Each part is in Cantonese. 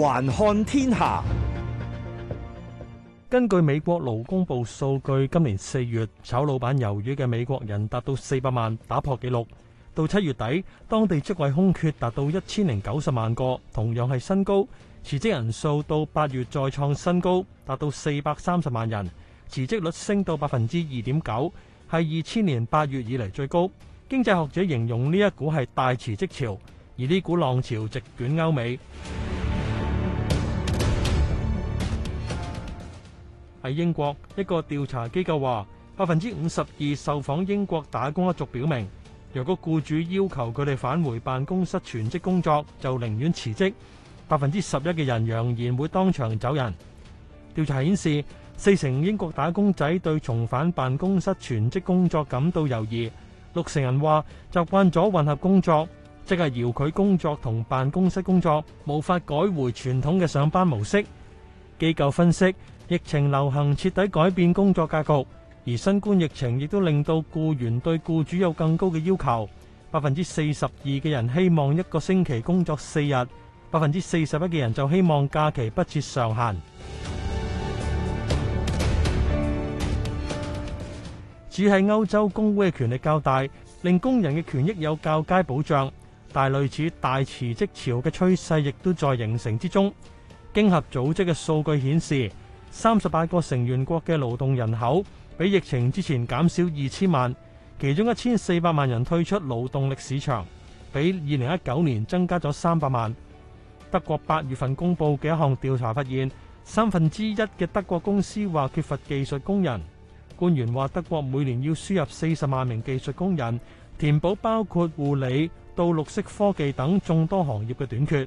環看天下，根據美國勞工部數據，今年四月炒老闆魷魚嘅美國人達到四百萬，打破紀錄。到七月底，當地職位空缺達到一千零九十萬個，同樣係新高。辭職人數到八月再創新高，達到四百三十萬人，辭職率升到百分之二點九，係二千年八月以嚟最高。經濟學者形容呢一股係大辭職潮，而呢股浪潮席捲歐美。喺英國，一個調查機構話，百分之五十二受訪英國打工一族表明，若果僱主要求佢哋返回辦公室全職工作，就寧願辭職。百分之十一嘅人揚言會當場走人。調查顯示，四成英國打工仔對重返辦公室全職工作感到猶豫，六成人話習慣咗混合工作，即係遙距工作同辦公室工作，無法改回傳統嘅上班模式。機構分析。疫情流行徹底改變工作格局，而新冠疫情亦都令到僱員對僱主有更高嘅要求。百分之四十二嘅人希望一個星期工作四日，百分之四十一嘅人就希望假期不設上限。只係歐洲工會嘅權力較大，令工人嘅權益有較佳保障，但類似大辭職潮嘅趨勢亦都在形成之中。經合組織嘅數據顯示。三十八個成員國嘅勞動人口比疫情之前減少二千萬，其中一千四百萬人退出勞動力市場，比二零一九年增加咗三百萬。德國八月份公布嘅一項調查發現，三分之一嘅德國公司話缺乏技術工人。官員話德國每年要輸入四十萬名技術工人，填補包括護理、到綠色科技等眾多行業嘅短缺。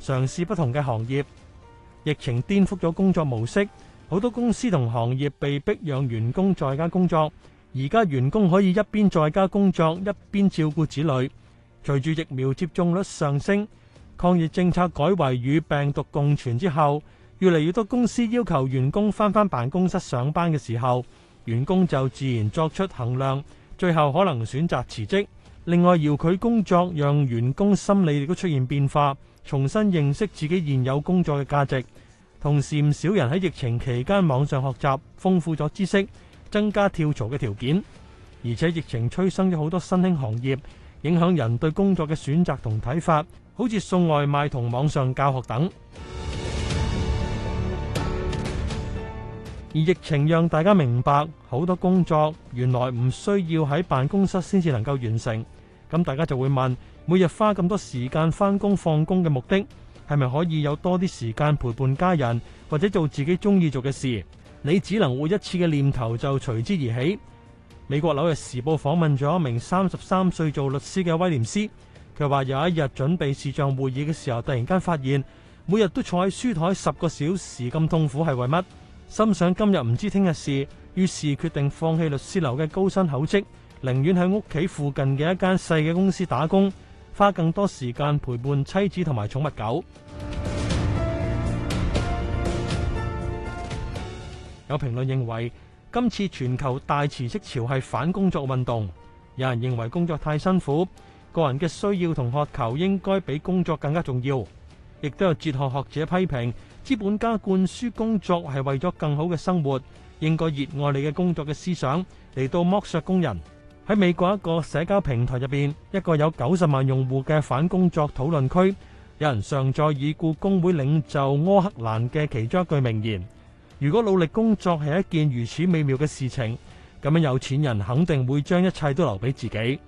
嘗試不同嘅行業，疫情顛覆咗工作模式，好多公司同行業被逼讓員工在家工作。而家員工可以一邊在家工作一邊照顧子女。隨住疫苗接種率上升，抗疫政策改為與病毒共存之後，越嚟越多公司要求員工翻返辦公室上班嘅時候，員工就自然作出衡量，最後可能選擇辭職。另外，遙距工作讓員工心理亦都出現變化，重新認識自己現有工作嘅價值。同時，唔少人喺疫情期間網上學習，豐富咗知識，增加跳槽嘅條件。而且，疫情催生咗好多新興行業，影響人對工作嘅選擇同睇法，好似送外賣同網上教學等。而疫情讓大家明白，好多工作原來唔需要喺辦公室先至能夠完成。咁大家就會問，每日花咁多時間返工放工嘅目的係咪可以有多啲時間陪伴家人，或者做自己中意做嘅事？你只能活一次嘅念頭就隨之而起。美國紐約時報訪問咗一名三十三歲做律師嘅威廉斯，佢話有一日準備視像會議嘅時候，突然間發現每日都坐喺書台十個小時咁痛苦，係為乜？心想今日唔知聽日事，於是決定放棄律師樓嘅高薪厚職，寧願喺屋企附近嘅一間細嘅公司打工，花更多時間陪伴妻，妻子同埋寵物狗。 有評論認為，今次全球大辭職潮係反工作運動。有人認為工作太辛苦，個人嘅需要同渴求應該比工作更加重要。亦都有哲學學者批評。資本家灌輸工作係為咗更好嘅生活，應該熱愛你嘅工作嘅思想嚟到剝削工人喺美國一個社交平台入邊，一個有九十萬用戶嘅反工作討論區，有人常在以故工會領袖柯克蘭嘅其中一句名言：如果努力工作係一件如此美妙嘅事情，咁樣有錢人肯定會將一切都留俾自己。